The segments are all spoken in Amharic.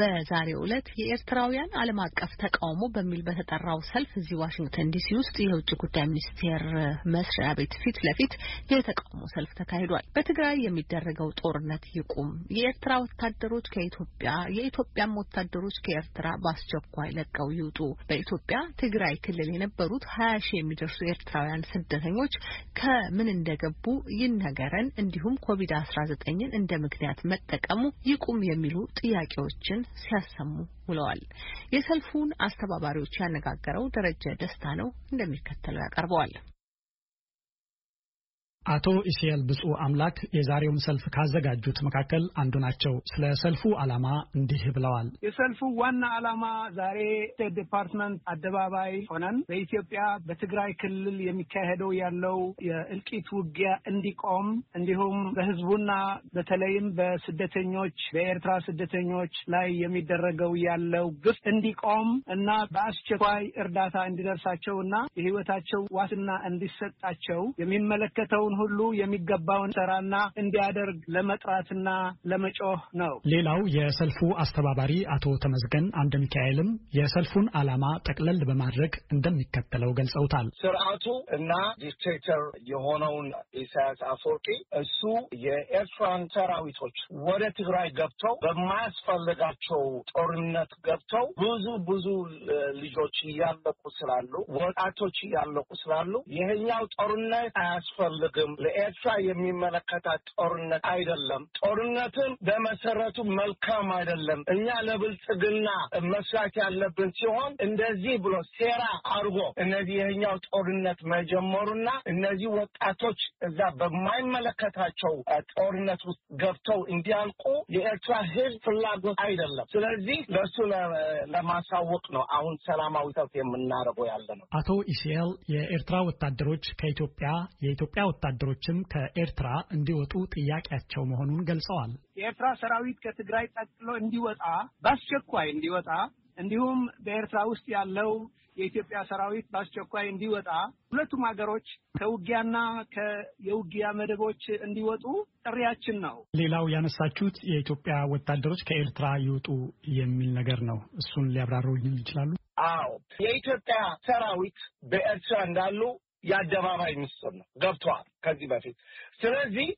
በዛሬው ዕለት የኤርትራውያን ዓለም አቀፍ ተቃውሞ በሚል በተጠራው ሰልፍ እዚህ ዋሽንግተን ዲሲ ውስጥ የውጭ ጉዳይ ሚኒስቴር መስሪያ ቤት ፊት ለፊት የተቃውሞ ሰልፍ ተካሂዷል። በትግራይ የሚደረገው ጦርነት ይቁም፣ የኤርትራ ወታደሮች ከኢትዮጵያ የኢትዮጵያም ወታደሮች ከኤርትራ በአስቸኳይ ለቀው ይውጡ፣ በኢትዮጵያ ትግራይ ክልል የነበሩት ሀያ ሺህ የሚደርሱ ኤርትራውያን ስደተኞች ከምን እንደገቡ ይነገረን፣ እንዲሁም ኮቪድ አስራ ዘጠኝን እንደ ምክንያት መጠቀሙ ይቁም የሚሉ ጥያቄዎችን ሲያሰሙ ውለዋል። የሰልፉን አስተባባሪዎች ያነጋገረው ደረጀ ደስታ ነው፣ እንደሚከተለው ያቀርበዋል። አቶ ኢሲኤል ብፁ አምላክ የዛሬውን ሰልፍ ካዘጋጁት መካከል አንዱ ናቸው። ስለ ሰልፉ ዓላማ እንዲህ ብለዋል። የሰልፉ ዋና ዓላማ ዛሬ ስቴት ዲፓርትመንት አደባባይ ሆነን በኢትዮጵያ በትግራይ ክልል የሚካሄደው ያለው የእልቂት ውጊያ እንዲቆም እንዲሁም በሕዝቡና በተለይም በስደተኞች በኤርትራ ስደተኞች ላይ የሚደረገው ያለው ግፍ እንዲቆም እና በአስቸኳይ እርዳታ እንዲደርሳቸው እና የሕይወታቸው ዋስና እንዲሰጣቸው የሚመለከተው የሚችለውን ሁሉ የሚገባውን ሰራና እንዲያደርግ ለመጥራትና ለመጮህ ነው። ሌላው የሰልፉ አስተባባሪ አቶ ተመዝገን አንድ ሚካኤልም የሰልፉን ዓላማ ጠቅለል በማድረግ እንደሚከተለው ገልጸውታል። ስርዓቱ እና ዲክቴተር የሆነውን ኢሳያስ አፈወርቂ እሱ የኤርትራን ሰራዊቶች ወደ ትግራይ ገብተው በማያስፈልጋቸው ጦርነት ገብተው ብዙ ብዙ ልጆች እያለቁ ስላሉ ወጣቶች እያለቁ ስላሉ ይህኛው ጦርነት አያስፈልግ ለግብጽም ለኤርትራ የሚመለከታት ጦርነት አይደለም። ጦርነትን በመሰረቱ መልካም አይደለም። እኛ ለብልጽግና መስራት ያለብን ሲሆን እንደዚህ ብሎ ሴራ አድርጎ እነዚህ ይህኛው ጦርነት መጀመሩና እነዚህ ወጣቶች እዛ በማይመለከታቸው ጦርነት ውስጥ ገብተው እንዲያልቁ የኤርትራ ሕዝብ ፍላጎት አይደለም። ስለዚህ ለእሱ ለማሳወቅ ነው አሁን ሰላማዊ ሰልፍ የምናደርገው ያለ ነው። አቶ ኢሲኤል የኤርትራ ወታደሮች ከኢትዮጵያ የኢትዮጵያ ወታደ ወታደሮችም ከኤርትራ እንዲወጡ ጥያቄያቸው መሆኑን ገልጸዋል። የኤርትራ ሰራዊት ከትግራይ ጠቅሎ እንዲወጣ በአስቸኳይ እንዲወጣ እንዲሁም በኤርትራ ውስጥ ያለው የኢትዮጵያ ሰራዊት በአስቸኳይ እንዲወጣ ሁለቱም ሀገሮች ከውጊያና የውጊያ መደቦች እንዲወጡ ጥሪያችን ነው። ሌላው ያነሳችሁት የኢትዮጵያ ወታደሮች ከኤርትራ ይወጡ የሚል ነገር ነው። እሱን ሊያብራሩልን ይችላሉ? አዎ፣ የኢትዮጵያ ሰራዊት በኤርትራ እንዳሉ የአደባባይ ምስጢር ነው። ገብቷል ከዚህ በፊት። ስለዚህ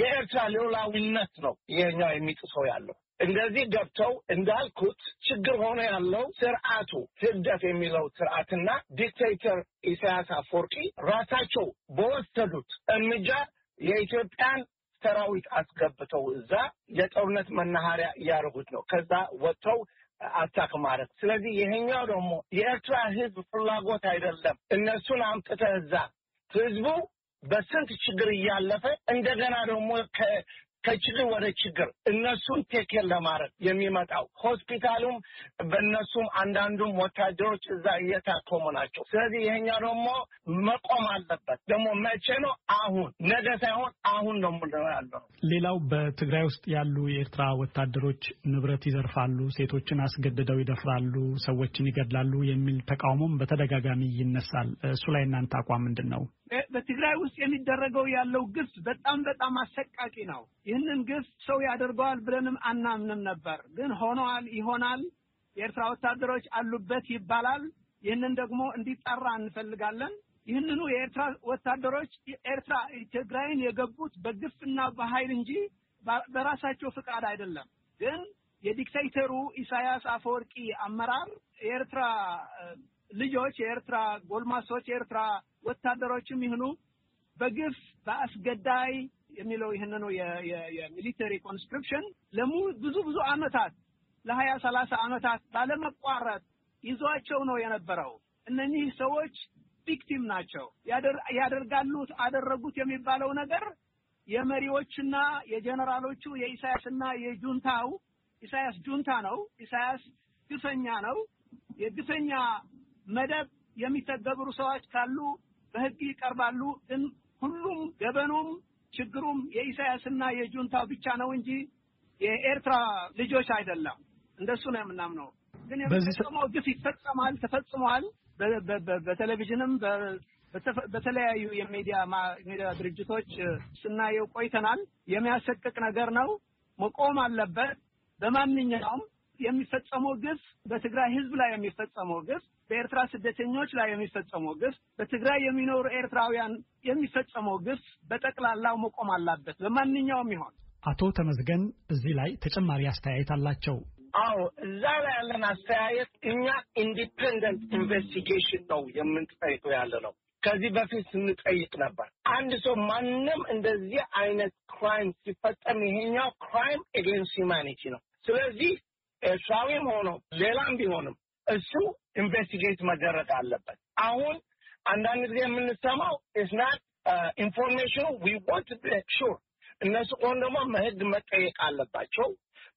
የኤርትራ ሉዓላዊነት ነው ይሄኛው የሚጥሰው ያለው እንደዚህ ገብተው እንዳልኩት ችግር ሆኖ ያለው ስርዓቱ ህደት የሚለው ስርዓትና ዲክቴተር ኢሳያስ አፈወርቂ ራሳቸው በወሰዱት እርምጃ የኢትዮጵያን ሰራዊት አስገብተው እዛ የጦርነት መናኸሪያ እያደረጉት ነው። ከዛ ወጥተው አታክ ማለት። ስለዚህ ይሄኛው ደግሞ የኤርትራ ህዝብ ፍላጎት አይደለም። እነሱን አምጥተህ እዛ ህዝቡ በስንት ችግር እያለፈ እንደገና ደግሞ ከችግር ወደ ችግር እነሱን ቴኬር ለማድረግ የሚመጣው ሆስፒታሉም በእነሱም አንዳንዱም ወታደሮች እዛ እየታከሙ ናቸው። ስለዚህ ይሄኛ ደግሞ መቆም አለበት። ደግሞ መቼ ነው? አሁን ነገ ሳይሆን አሁን ነው ያለው። ሌላው በትግራይ ውስጥ ያሉ የኤርትራ ወታደሮች ንብረት ይዘርፋሉ፣ ሴቶችን አስገድደው ይደፍራሉ፣ ሰዎችን ይገድላሉ የሚል ተቃውሞም በተደጋጋሚ ይነሳል። እሱ ላይ እናንተ አቋም ምንድን ነው? በትግራይ ውስጥ የሚደረገው ያለው ግፍ በጣም በጣም አሰቃቂ ነው። ይህንን ግፍ ሰው ያደርገዋል ብለንም አናምንም ነበር፣ ግን ሆነዋል፣ ይሆናል። የኤርትራ ወታደሮች አሉበት ይባላል። ይህንን ደግሞ እንዲጠራ እንፈልጋለን። ይህንኑ የኤርትራ ወታደሮች ኤርትራ ትግራይን የገቡት በግፍና በኃይል እንጂ በራሳቸው ፍቃድ አይደለም። ግን የዲክታተሩ ኢሳያስ አፈወርቂ አመራር የኤርትራ ልጆች የኤርትራ ጎልማሶች የኤርትራ ወታደሮችም ይህኑ በግፍ በአስገዳይ የሚለው ይህንኑ የሚሊተሪ ኮንስክሪፕሽን ለሙ ብዙ ብዙ አመታት ለሀያ ሰላሳ አመታት ባለመቋረጥ ይዟቸው ነው የነበረው። እነኚህ ሰዎች ቪክቲም ናቸው። ያደርጋሉት አደረጉት የሚባለው ነገር የመሪዎችና የጀነራሎቹ የኢሳያስና የጁንታው ኢሳያስ ጁንታ ነው። ኢሳያስ ግፈኛ ነው። የግፈኛ መደብ የሚተገብሩ ሰዎች ካሉ በህግ ይቀርባሉ። ሁሉም ገበኑም ችግሩም የኢሳያስና የጁንታው ብቻ ነው እንጂ የኤርትራ ልጆች አይደለም። እንደሱ ነው የምናምነው። ግን የሚፈጸመው ግፍ ይፈጸማል፣ ተፈጽሟል። በቴሌቪዥንም በተለያዩ የሚዲያ ሚዲያ ድርጅቶች ስናየው ቆይተናል። የሚያሰቅቅ ነገር ነው፣ መቆም አለበት በማንኛውም የሚፈጸመው ግፍ፣ በትግራይ ህዝብ ላይ የሚፈጸመው ግፍ፣ በኤርትራ ስደተኞች ላይ የሚፈጸመው ግፍ፣ በትግራይ የሚኖሩ ኤርትራውያን የሚፈጸመው ግፍ በጠቅላላው መቆም አለበት በማንኛውም ይሆን። አቶ ተመዝገን እዚህ ላይ ተጨማሪ አስተያየት አላቸው። አዎ እዛ ላይ ያለን አስተያየት እኛ ኢንዲፔንደንት ኢንቨስቲጌሽን ነው የምንጠይቀው ያለ ነው። ከዚህ በፊት ስንጠይቅ ነበር። አንድ ሰው ማንም እንደዚህ አይነት ክራይም ሲፈጸም ይሄኛው ክራይም ኤጌንስት ሂውማኒቲ ነው። ስለዚህ እሷዊም ሆኖ ሌላም ቢሆንም እሱ ኢንቨስቲጌት መደረግ አለበት። አሁን አንዳንድ ጊዜ የምንሰማው ስናት ኢንፎርሜሽኑ ዊቦት ሹር እነሱ ከሆን ደግሞ መህግ መጠየቅ አለባቸው።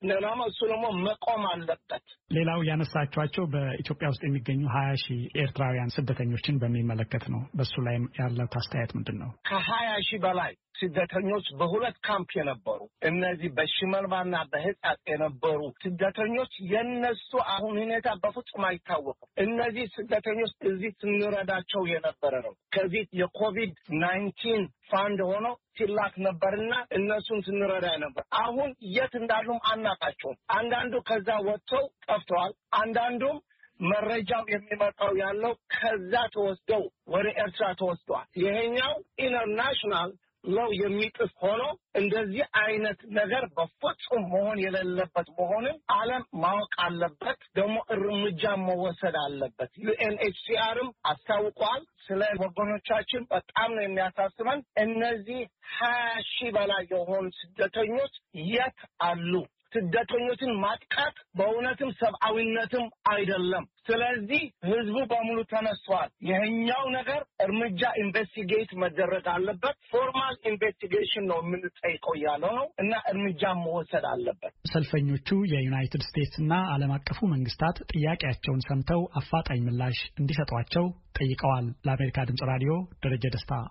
ሌላም እሱ ደግሞ መቆም አለበት። ሌላው ያነሳችኋቸው በኢትዮጵያ ውስጥ የሚገኙ ሀያ ሺህ ኤርትራውያን ስደተኞችን በሚመለከት ነው። በእሱ ላይ ያለት አስተያየት ምንድን ነው? ከሀያ ሺህ በላይ ስደተኞች በሁለት ካምፕ የነበሩ እነዚህ በሽመልባና በህጻጽ የነበሩ ስደተኞች የነሱ አሁን ሁኔታ በፍጹም አይታወቁም። እነዚህ ስደተኞች እዚህ ስንረዳቸው የነበረ ነው። ከዚህ የኮቪድ ናይንቲን ፋንድ ሆኖ ሲላክ ነበርና እነሱን ስንረዳ ነበር። አሁን የት እንዳሉም አናቃቸውም። አንዳንዱ ከዛ ወጥተው ጠፍተዋል። አንዳንዱም መረጃው የሚመጣው ያለው ከዛ ተወስደው ወደ ኤርትራ ተወስደዋል። ይሄኛው ኢንተርናሽናል ነው የሚጥስ ሆኖ እንደዚህ አይነት ነገር በፍጹም መሆን የሌለበት መሆንን ዓለም ማወቅ አለበት። ደግሞ እርምጃ መወሰድ አለበት። ዩኤንኤችሲአርም አስታውቋል። ስለ ወገኖቻችን በጣም ነው የሚያሳስበን። እነዚህ ሀያ ሺህ በላይ የሆኑ ስደተኞች የት አሉ? ስደተኞችን ማጥቃት በእውነትም ሰብአዊነትም አይደለም። ስለዚህ ህዝቡ በሙሉ ተነስቷል። ይህኛው ነገር እርምጃ ኢንቨስቲጌት መደረግ አለበት። ፎርማል ኢንቨስቲጌሽን ነው የምንጠይቀው ያለው ነው እና እርምጃ መወሰድ አለበት። ሰልፈኞቹ የዩናይትድ ስቴትስ እና ዓለም አቀፉ መንግስታት ጥያቄያቸውን ሰምተው አፋጣኝ ምላሽ እንዲሰጧቸው ጠይቀዋል። ለአሜሪካ ድምጽ ራዲዮ ደረጀ ደስታ